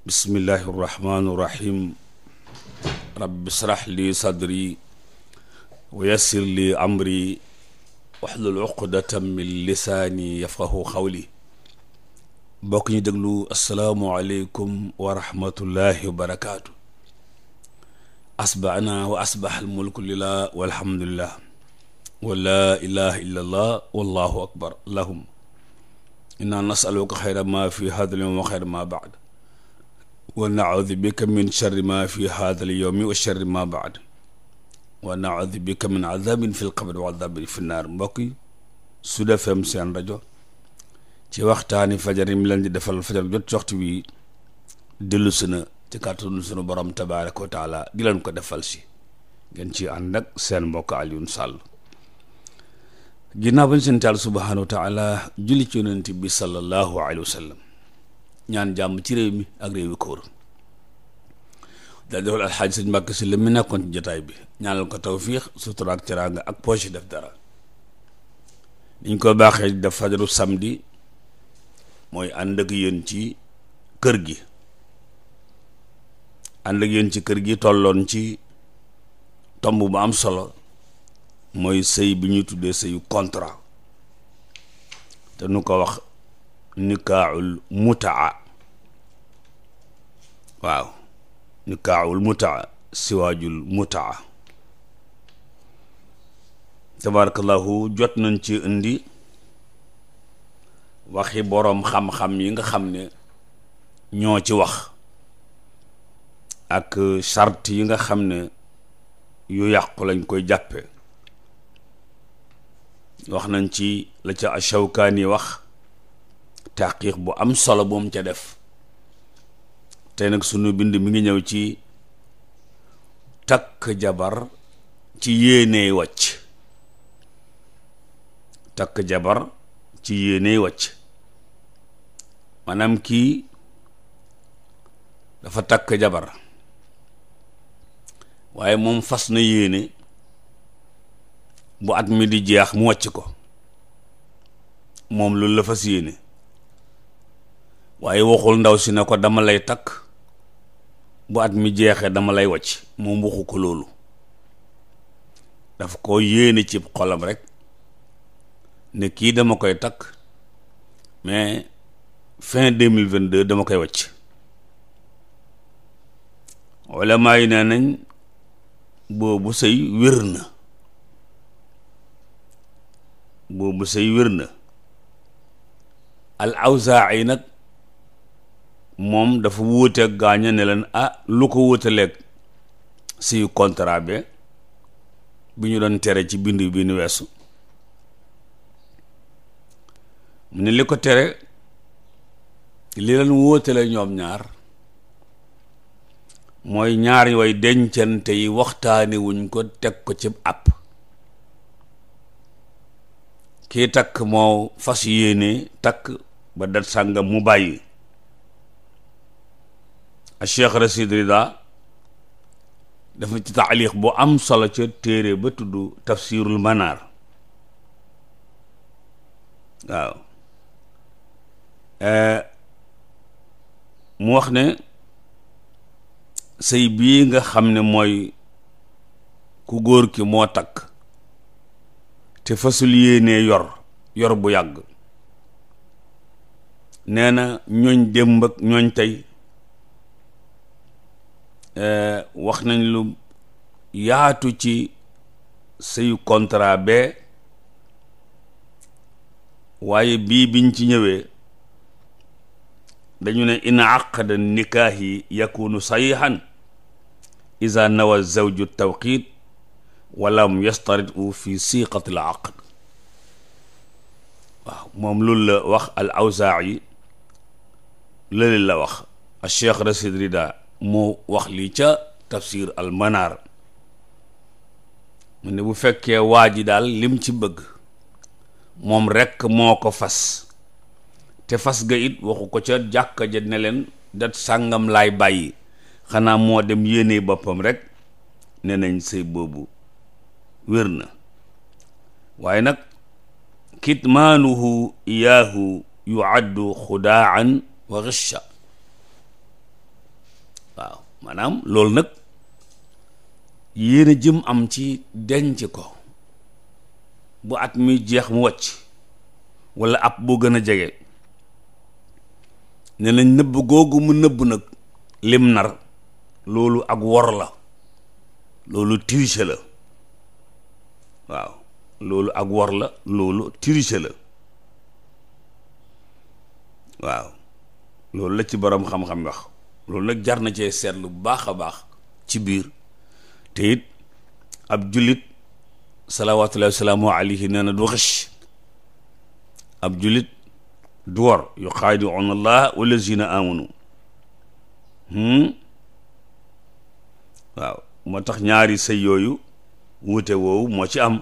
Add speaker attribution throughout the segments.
Speaker 1: bismillahi irrahmani irrahim rabbi israh li sadri wa yassir li amri waxlul uqdatan min lisaani yafqahu xawli bokk ñu déglu asalaamualeykum wa rahmatullahi wa barakaatu asbaana wa asbaha almulku lillah walhamdulillah wa la ilaha illa allah wallahu akbar allahumma inna nasaluka xayra ma fi hada al yawm wa xayra ma baad wa naudu bika min sharri ma fi hada al wa sharri ma baad wa naudu bika min adabin fi lqabri wa adabin fi naar mbokk yi Sud FM seen rajo ci waxtaani fajar yi mu leen di defal fajar jot ci waxtu wi dellu si na ci kàttanu sunu borom tabaaraka wa taala ko defal si ngeen ci ànd ak seen mbokk Alioune Sall ginnaaw bañ seen taal subhaanahu wa taala julli ci yonent bi sallallahu alayhi wa ñaan jàmm ci réew mi ak réew yi ko wër daal defal alxaaji sëñ Mbàkke si li nekkoon ci jotaay bi ñaanal ko tawfiix sutura ak teraanga ak poche def dara dañ ko baaxee def fajaru samedi mooy ànd ak yéen ci kër gi ànd yéen ci kër gi tolloon ci tomb bu am solo mooy sëy bi ñuy tuddee sëyu contrat te nu ko wax nikaaxul mutaa waaw nikaahul mutaa siwaajul mutaa tabarakallahu jot nañ ci indi waxi boroom xam-xam yi nga xam ne ñoo ci wax ak sart yi nga xam ne yu yàqu lañ koy jàppe wax nañ ci la ca Ashawkaani wax taqiq bu am solo bu mu ca def tey nag sunu bind mi ngi ñëw ci takk jabar ci yéeney wàcc takk jabar ci yéeney wàcc maanaam kii dafa takk jabar waaye moom fas na yéene bu at mi di jeex mu wàcc ko moom loolu la fas yéene waaye waxul ndaw si na ko dama lay takk bu at mi jeexee dama lay wacc moom waxu ko loolu dafa ko yéene ci xolam rek ne kii dama koy takk mais fin deux mille vingt deux dama koy wacc wala maa yi nee nañ boobu sëy wér na boobu sëy wér na al awzaa'i nag moom dafa wuuteeg gaaña ne leen ah lu ko wuutaleeg si contrat bi bi ñu doon tere ci bind bi nu weesu mu ne li ko tere li leen wuutale ñoom ñaar mooy ñaar way dencante yi waxtaane wuñ ko teg ko ci app ki takk moo fas yéene takk ba dat sàngam mu bàyyi a cheikh Rachid Rida dafa ci taaliq bu am solo ca téere ba tudd tafsirul manaar waaw eh, mu wax ne sëy bii nga xam ne mooy ku góor ki moo takk te fasul yéenee yor yor bu yàgg nee na ñooñ démb ak ñooñ tey Eh, wax nañ lu yaatu ci sëyu contrat bee waaye bii biñ ci ñëwee dañu ne in aqada nikaahi yakunu sayihan ida nawa zawju tawqit walam yastarit fi siqati l aqd moom loolu la wax al awsaa'i lële la wax al cheikh rasid rida moo wax li ca tafsir al manaar mu ne bu fekkee waa ji daal lim ci bëgg moom rekk moo ko fas te fas ga it waxu ko ca jàkka ja ne leen dat sàngam lay bàyyi xanaa moo dem yéene boppam rekk ne nañ sëy boobu wér na waaye nag kitmaanuhu iyaahu yuaddu xudaan wa xisha waaw maanaam loolu nag yéen a jëm am ci denc ko bu at mi jeex mu wàcc walla ab boo gën a jege ne nañ nëbb googu mu nëbb nag lim nar loolu ak wor la loolu triche la waaw loolu ak wor la loolu triche la waaw loolu la ci boroom xam-xam wax loolu nag jar na cee seetlu bu baax a baax ci biir te it ab jullit salawaatullahi wasalaamu alayhi nee na du xëcc ab jullit du yu xaadiuuna allah wallazina hmm? waaw moo tax ñaari sëy yooyu wuute woowu moo am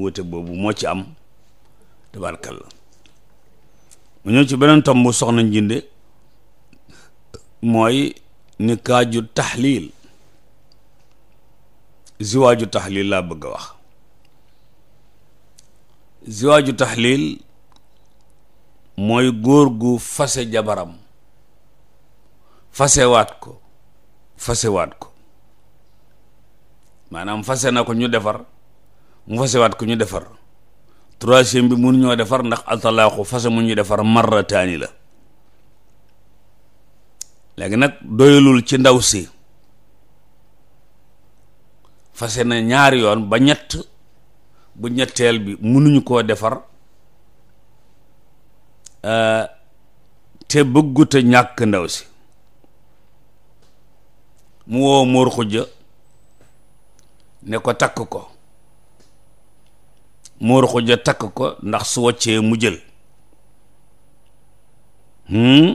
Speaker 1: wuute boobu moo ci am tabaarkalla mu ñëw ci beneen tomb soxna njinde mooy nikaaju taxliil ziwaaju taxliil laa bëgg a wax ziwaaju taxliil mooy góor gu fase jabaram fasewaat ko waat ko maanaam fase na ko ñu defar mu fasewaat ko ñu defar troisième bi mun ñoo defar ndax atalaaxu fase mu ñu defar marrataani la léegi nag doyalul ci ndaw si fase na ñaari yoon ba ñett bu ñetteel bi mënuñu koo defar eh, te bëgguta ñàkk ndaw si mu woo móor ne ko takk ko móor xujja takk ko ndax su waccee mu jël hmm?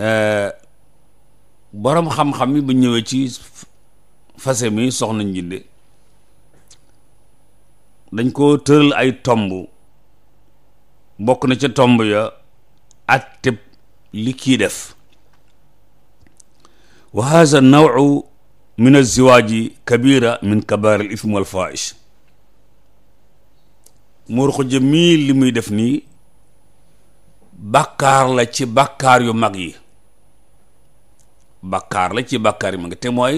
Speaker 1: Euh, boroom xam-xam yi bu ñëwee ci fase mi soxna njinde dañ ko tëral ay tomb bokk na ca tomb ya at tëb li kii def wa haza nawu min aziwaaji kabira min kabaar al ifm wal faahish muur ko mii li muy def nii bàkkaar la ci bàkkaar yu mag yi bakkaar la ci bakkaar yi ma ngi te mooy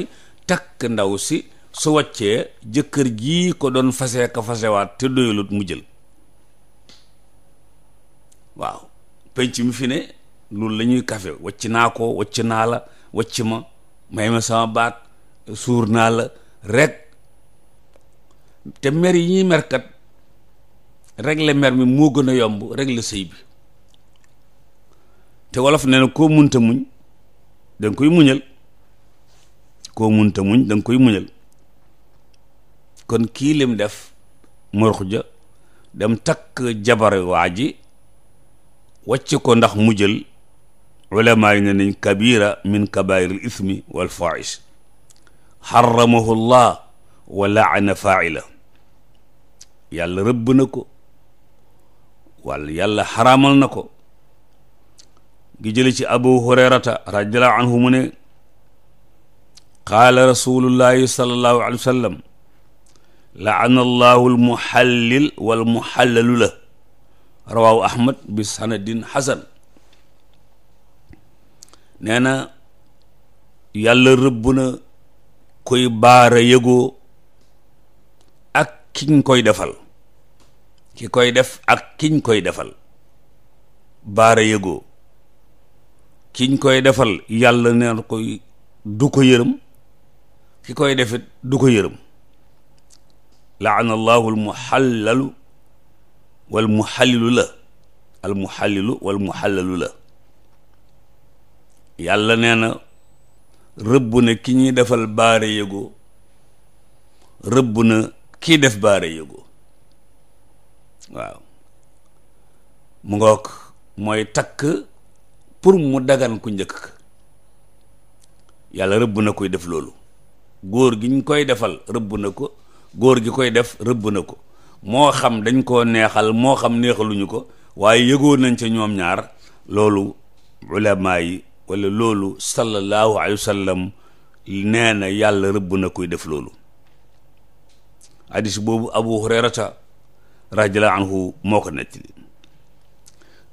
Speaker 1: takk ndaw si su wàccee jëkkër jii ko doon fase ka fasewaat te doyalut mu jël waaw penc mi fi ne loolu la ñuy kafe wacc naa ko wacc naa la wacc ma may ma sama baat suur naa la rek te mer yi ñuy merkat régler mer mi moo gën a yomb régler sëy bi te wolof nee na koo munta muñ da nga koy muñal koo munta muñ da nga koy muñal kon kii lim def morux dem takk jabar waa ji wàcc ko ndax mu jël ulamaa yi ne nañ kabira min kabair al wal faaish xaramahu llah wa laana faaila yàlla rëbb ko wala yàlla xaraamal na ko ngi jële ci abu hurayrata radiallahu anhu mu ne qaala rasulullahi sallallahu alayhi wa sallam allahu almuhallil la rawahu ahmad bi sanadin xasan nee na yàlla rëbb na koy baara yëgoo ak kiñ koy defal ki koy def ak kiñ koy defal baara yëgoo ki ñ koy defal yàlla neen koy du ko yërëm ki koy defit du ko yërëm laana allahu almuxallalu wal muxallilu la almuxallilu wal muxallalu la yàlla nee na rëbb na ki ñuy defal baare yëgoo rëbb na kii def baare yëgoo waaw mu ngoog mooy takk pour mu dagan ku njëkk yàlla rëbb na koy def loolu góor gi ñu koy defal rëbb na ko góor gi koy def rëbb na ko moo xam dañ koo neexal moo xam neexaluñu ko waaye yëgoon nañ ca ñoom ñaar loolu ulama yi wala loolu sallallahu alayhi wa sallam nee na yàlla rëbb na koy def loolu hadis boobu abu hurayrata radiallahu anhu moo ko nettali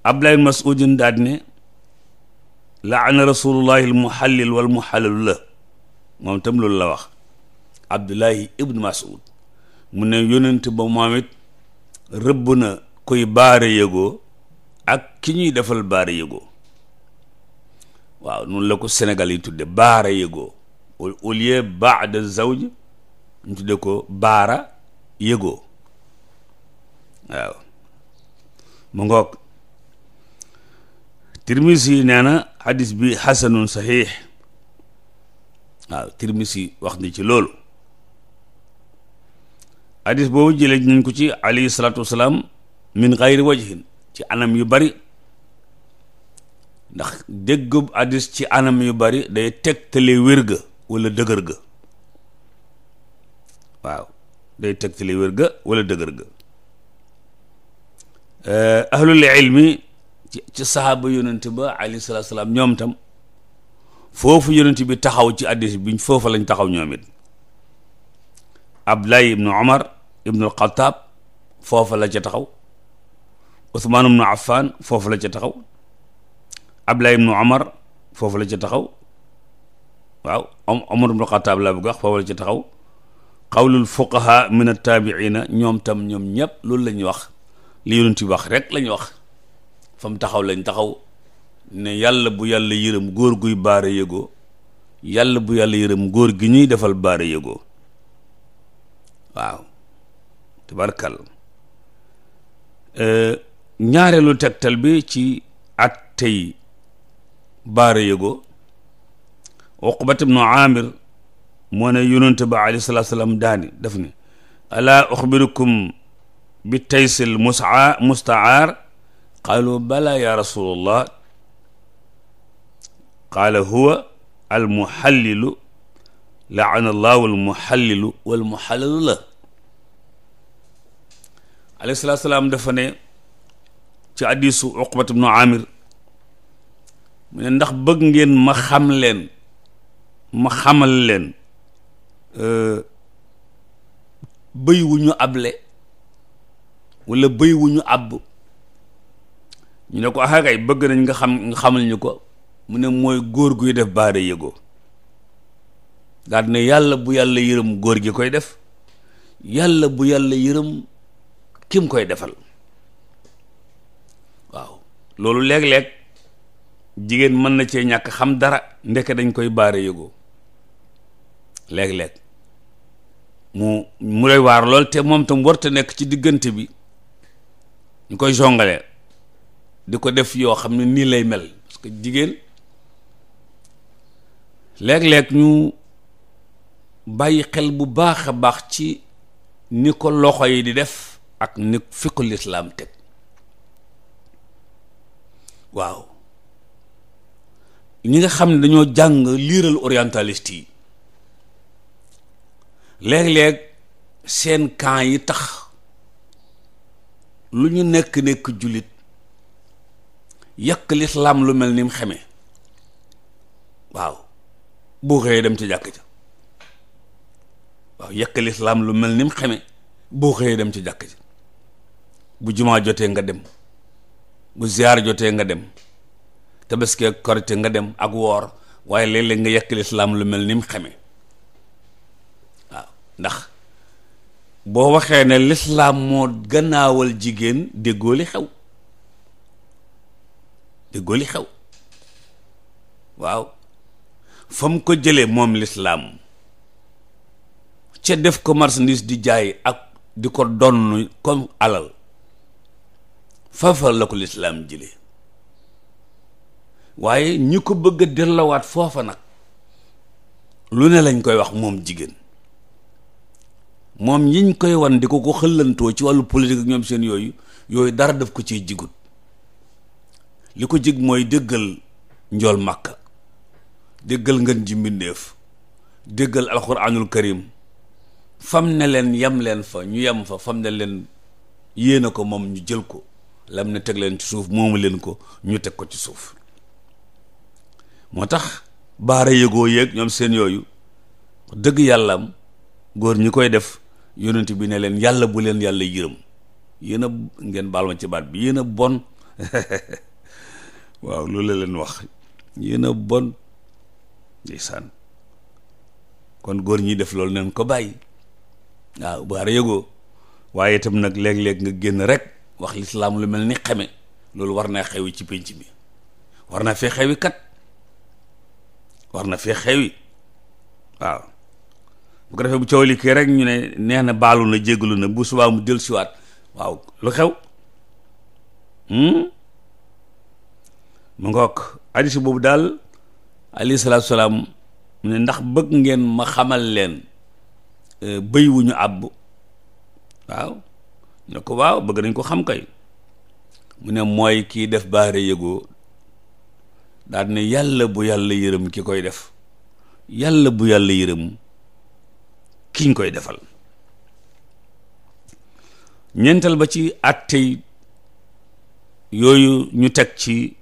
Speaker 1: abdullah mas'udin daal ne laana rasulullahi al muhallil wal muhallalu la moom tam loolu la wax abdullahi ibnu masud mu ne yonent ba moom it rëbb koy baare yëgoo ak ki ñuy defal baare yëgoo waaw noonu la ko Sénégal yi tudde baara yëgoo ko baara yëgoo waaw mu ngoog tirmisi yi xadis bi xasanun saxiix waaw tirmisi wax ni ci loolu xadis boobu jëlee nañ ko ci alayhi salaatu wasalaam min xayri wajhin ci anam yu bari ndax déggub xadis ci anam yu bari day tegtale wér ga wala dëgër ga waaw day tegtale wér ga wala dëgër ga eh, ahlul ilmi ci ci sahaaba yonent ba alayhi salaatu ñoom tam foofu yonent bi taxaw ci addis bi foofu lañ taxaw ñoom it Abdullah ibnu Omar ibnu Xataab foofa la ca taxaw Usmaan ibnu Affaan foofu la ca taxaw Abdullah ibnu Omar foofu la ca taxaw waaw Omar ibnu Xataab laa bëgg wax foofu la ca taxaw xawlul fuqaha min attaabiina ñoom tam ñoom ñëpp loolu la ñuy wax li yonent bi wax rek la wax fa mu taxaw lañ taxaw ne yàlla bu yàlla yërëm góor guy baara yëgoo yàlla bu yàlla yërëm góor gi ñuy defal baara yëgoo waaw tabarkal euh, ñaareelu tegtal bi ci at tey baara yëgoo uqbat ibnu aamir moo ne yonente ba alaa uxbirukum bi taysil musaa mustaar qaalu bala ya rasulallah qaala huwa almuxallilu laana allahu almuxallilu walmuxallilu la alayhi salaatu salaam dafa ne ci hadiisu uqbat ibnu amir mu ne ndax bëgg ngeen ma xam leen ma xamal leen euh, bëy wu ñu able wala bëy wu ñu àbb ñu ne ko axakay bëgg nañ nga xam nga xamal ñu ko mu ne mooy góor guy def baada yëgoo daal yàlla bu yàlla yërëm góor gi koy def yàlla bu yàlla yërëm kim koy defal waaw loolu léeg-léeg jigéen mën na cee ñàkk xam dara ndekke dañ koy baare yëgoo léeg-léeg mu mu lay waar lool te moom tam warta nekk ci diggante bi ñu koy jongale di ko def yoo xam ne nii lay mel parce que jigéen léeg leeg ñu bàyyi xel bu baax a baax ci ni ko loxo yi di def ak ni fi ko lislaam teg waaw ñi nga xam ne dañoo jàng liiral orientaliste yi léeg-léeg seen camp yi tax lu ñu nekk nekk jullit yàq lislaam lu mel ni mu xeme waaw boo xëyee dem ci jàkk ja waaw yàq lislaam lu mel ni mu xeme boo xëyee dem ci jàkk ja bu jumaa jotee nga dem bu ziyaar jotee nga dem tabaski ak korite nga dem ak woor waaye léeg nga yàq lislaam lu mel ni mu xeme waaw ndax boo waxee ne lislaam moo gannaawal jigéen déggoo li xew déggoo li xew waaw fa mu ko jëlee moom lislaam ca def ko marsandiis di jaay ak di ko donn comme alal fafa la ko lislaam jëlee waaye ñi ko bëgg a dellawaat foofa nag lu ne lañ koy wax moom jigéen moom yiñ koy wan di ko ko xëllantoo ci wàllu politique ak ñoom seen yooyu yooyu dara def ko ci jigut li ko jig mooy dëggal njool màkk déggal ngeen ji mbindéef déggal alxuraanul karim fam ne leen yem leen fa ñu yem fa fam ne leen yéena ko moom ñu jël ko lam ne teg leen ci suuf moomu leen ko ñu teg ko ci suuf moo tax baara yëgoo yéeg ñoom seen yooyu dëgg yàllam góor ñi koy def yonent bi ne leen yàlla bu leen yàlla yërëm yéen a ngeen baal ma ci baat bi yéen bon waaw loolu la leen wax yéen a bon ndeysaan kon góor ñi def loolu nañ ko bàyyi waaw baara yëgoo waaye itam nag léeg-léeg nga génn rek wax lislaam lu mel ni xeme loolu war naa xewi ci pénc mi war naa fee xewi kat war na fee xewi waaw bu ko defee bu coow li kii rek ñu ne nee na baalu na jégalu na bu subaa mu dellusiwaat waaw lu xew hmm? mu ngoog hadis boobu daal alayhi salaatu salaam mu ne ndax bëgg ngeen ma xamal leen euh, bëy wu ñu àbb waaw ne ko waaw bëgg nañ ko xam kay mu ne mooy kii def baare yëgoo daal ne yàlla bu yàlla yërëm ki koy def yàlla bu yàlla yërëm kiñ koy defal ñeental ba ci àttey yooyu ñu teg ci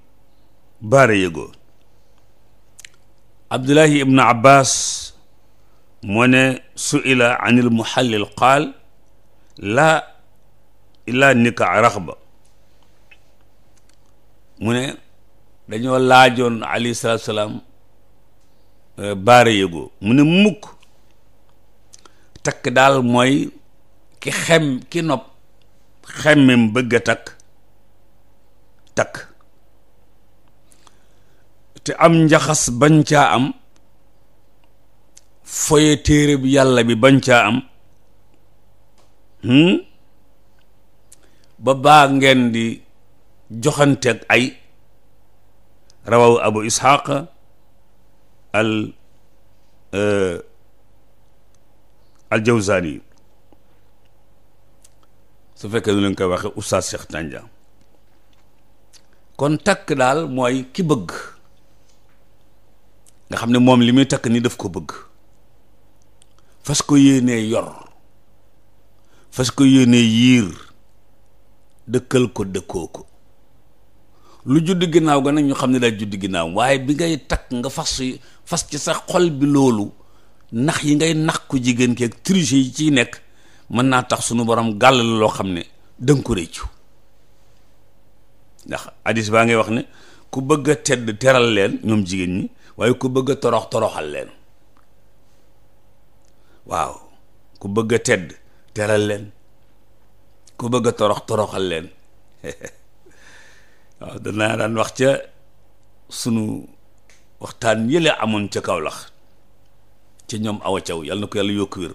Speaker 1: baara yëgoo abdullahi ibnu abbas moo ne suila an il muxallil qaal laa ilaa nikaa raxba mu ne dañoo laajoon alayhi salaatu salaam euh, baara yëgoo mu ne takk daal mooy ki xem ki nopp xemmem bëgg a takk te am njaxas bañ caa am foye téere bu yàlla bi bañ caa am hmm? ba baa ngeen di joxanteeg ay rawaw abu isxaq al uh, al jawzani su fekkee nu leen koy waxee oustaz Cheikh Tandia kon takk daal mooy ki bëgg nga xam ne moom li muy takk ni daf ko bëgg fas ko yéenee yor fas ko yéenee yiir dëkkal ko dëkkoo ko lu judd ginnaaw ga nag ñu xam ne daal judd ginnaaw waaye bi ngay takk nga fas fas ci sa xol bi loolu ndax yi ngay nax ku jigéen ki ak triche yi ciy nekk mën naa tax sunu borom gàll la loo xam ne danga ko réccu ndax hadis baa ngay wax ne ku bëgg a tedd teral leen ñoom jigéen ñi waaye ku bëgg a torox toroxal leen waaw ku bëgg a tedd teral leen ku bëgg a torox toroxal leen waaw danaa daan wax ca sunu waxtaan yële amoon ca kaw lax ca ñoom awa caw yàlla na ko yàlla yokku wér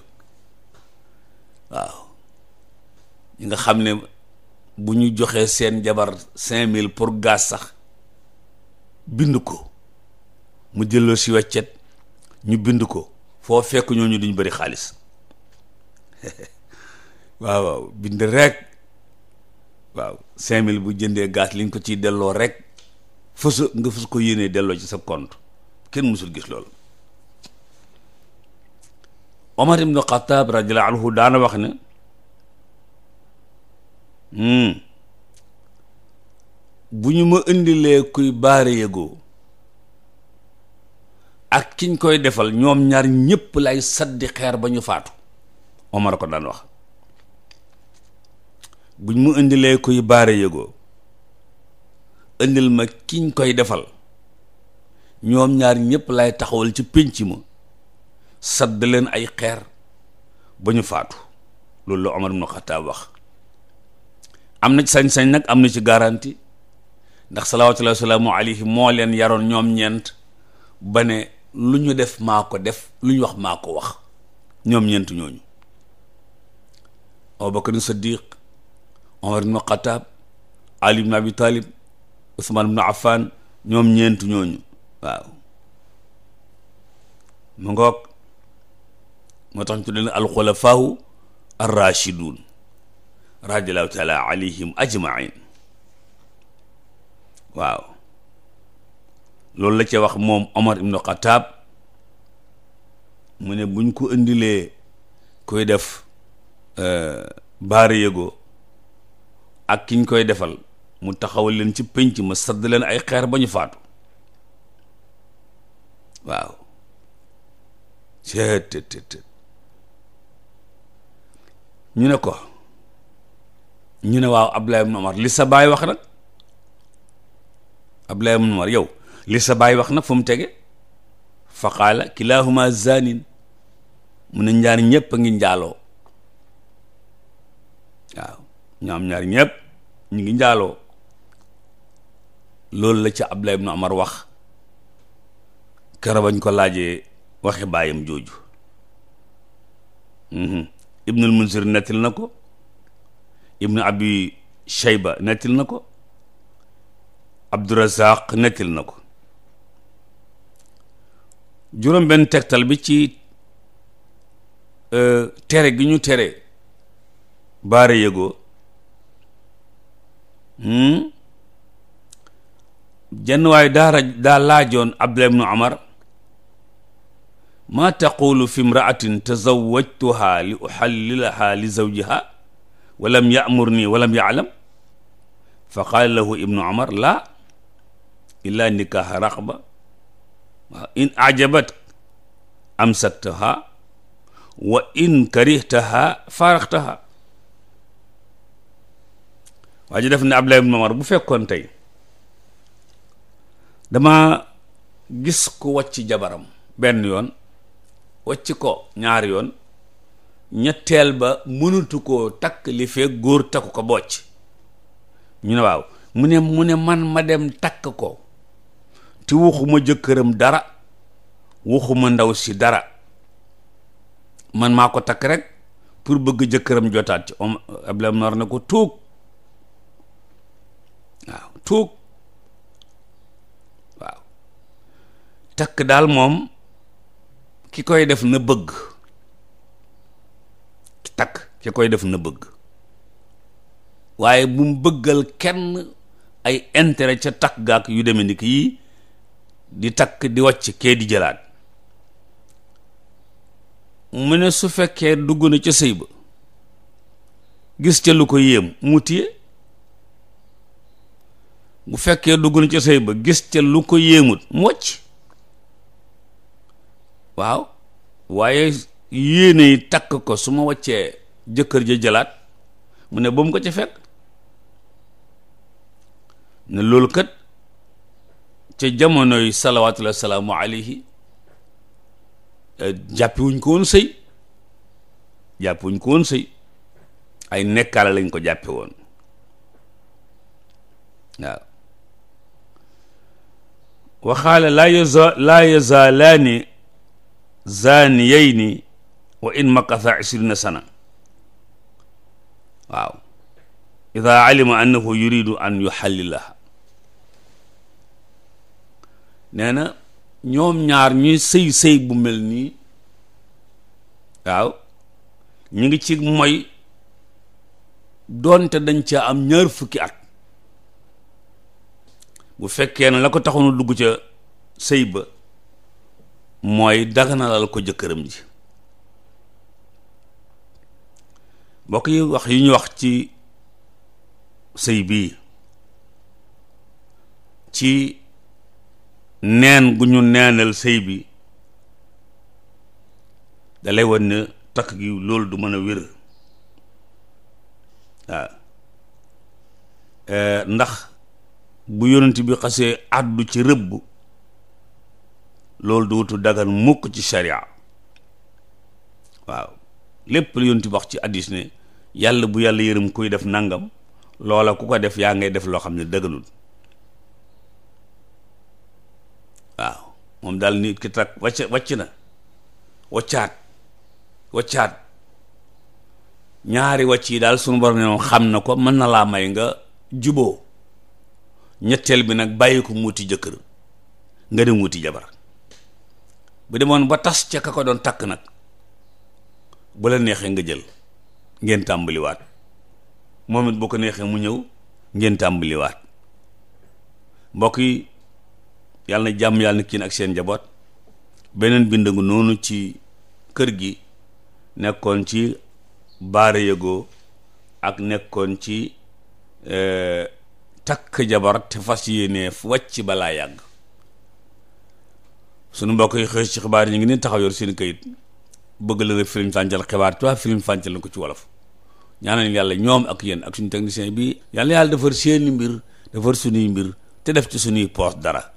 Speaker 1: waaw ñi nga xam ne bu ñu joxee seen jabar cinq mille pour gaz sax bind ko mu delloo si weccet ñu bind ko foo fekk ñooñu duñ bari xaalis waaw waaw bind rek waaw cinq mille bu jëndee gaz liñ ko ciy delloo rek fës nga fës ko yéenee delloo ci sa compte kenn mësul gis loolu Omar ibnu Xataab radiyallaahu anhu daana wax ne hmm, bu ñu ma indilee kuy baare yëgoo ak kiñ koy defal ñoom ñaar ñépp lay saddi xeer ba ñu faatu Omar a ko daan wax buñ mu indilee kuy baare yëgoo indil ma kiñ koy defal ñoom ñaar ñépp lay taxawal ci pénc ma sadd leen ay xeer ba ñu faatu loolu la Omar ibn Khattab wax am na sañ-sañ nag am na ci garanti ndax salawaatullahi wa salaamu alayhi moo leen yaroon ñoom ñeent ba ne lu ñu def maa def lu ñu wax maa ko wax ñoom ñeent ñooñu Abubakar Siddiq Omar ibn Xataab Ali ibn Abi Talib Usmaan ibn Affaan ñoom ñeent ñooñu waaw mu ngoog moo tax ñu tuddee leen alxulafaahu arrachidun radiallahu taala ajmain waaw loolu la ce wax moom Omar ibnu Xataab mu ne buñ ko indilee koy def euh, baara yëgoo ak kiñ koy defal mu taxawal leen ci pénc ma sadd leen ay xeer ba ñu faatu waaw cët tët ñu ne ko ñu ne waaw Abdoulaye ibnu Omar li sa baay wax nag Abdoulaye ibnu Omar yow li sa baay wax na fu mu tege fa qaala kilaahuma zanin mu ne ñaar ñëpp a ngi njaaloo waaw ñoom ñaar ñëpp ñu ngi njaaloo loolu la ci Abdullah ibn Umar wax kero bañ ko laajee waxi baayam jooju mhm. ibnul Munzir nettil na ko ibnu abi Shayba nettil na ko Abdurazaq nettil na ko juróom benn tegtal bi ci euh, tere gi ñu tere baara yëgoo hmm? jenn waaye daara daa laajoon Abdullah ibnu Umar maa taqulu fi imraatin tazawwajtuha li uxallilaha li zawjiha walam yamur walam yaalam fa qaala lahu ibnu laa illaa nikaha raqba waaw in ajabat amsaktaha wa in karihtaha faraktaha waa ji def na Abdullah ibn Umar bu fekkoon tey dama gis ku wàcc jabaram benn yoon wàcc ko ñaar yoon ñetteel ba mënatu ko takk li fekk góor takku ko bocc ñu ne waaw mu ne mu ne man ma dem takk ko te waxuma jëkkëram dara waxuma ndaw si dara man maa ko takk rek pour bëgg jëkkëram jotaat ci om abla nar na ko tuug waaw tuug waaw takk daal moom ki koy def na bëgg takk ki koy def na bëgg waaye bu mu bëggal kenn ay intérêt ca takk gaak yu deme ni kii di takk di wàcc kee di jëlaat mu ne su fekkee dugg na ca sëy ba gis ca lu ko yéem mu téye bu fekkee dugg na ca sëy ba gis ca lu ko yéemut mu wàcc waaw waaye yéene yi takk ko su ma waccee jëkkër ja jëlaat mu ne ba mu ko ca fekk ne loolu kat ca jamonoy salawaatullahi salaamu alayhi eh, jàppiwuñ ko woon sëy jàppiwuñ ko woon sëy ay nekkaale lañ ko jàppe woon waaw waxaale laa yaza laa yazaalaani zaaniyayni wa in makatha ishrina sana waaw ida alima annahu yuridu an yuxallilaha nee na ñoom ñaar ñuy sëy sëy bu mel nii waaw ñu ngi ci mooy doonte dañ ca am ñaar fukki at bu fekkee ne la ko taxoon dugg ca sëy ba mooy daganalal ko jëkkëram ji mbokk yi wax yi ñu wax ci sëy bii ci neen gu ñu neenal sëy bi dalay wan ne takk gi loolu du mën a wér waaw eh, ndax bu yonent bi xasee àddu ci rëbb loolu duutu dagan mukk ci sharia waaw lépp lu yonent bi wax ci addis ne yàlla bu yàlla yërëm kuy def nangam loola ku ko def yaa ngay def loo xam ne dëgganul moom daal nit ki takk wàcc wàcc na waccaat waccaat ñaari wàcc yi daal sunu borom ne moom xam na ko mën na laa may nga juboo ñetteel bi nag bàyyi ko muuti jëkkër nga dem wuti jabar bu demoon ba tas ca ka ko doon takk nag bu la neexee nga jël ngeen tàmbaliwaat moom it boo ko neexee mu ñëw ngeen tàmbaliwaat mbokk yi yàlla na jàmm yàlla na kiin ak seen njaboot beneen bind ngu noonu ci kër gi nekkoon ci baar yëgoo ak nekkoon ci eh, takk jabar te fas yéenee wàcc balaa yàgg sunu mbokk yi xëy ci xibaar yi ñu ngi ne taxaw yor seen kayit bëgg la filim fàncal xibaar tubaab filim fàncal na ko ci wolof ñaanal yàlla ñoom ak yéen ak suñu technicien bi yàlla yàlla defar seeni mbir defar suñuy mbir te def ci suñuy poos dara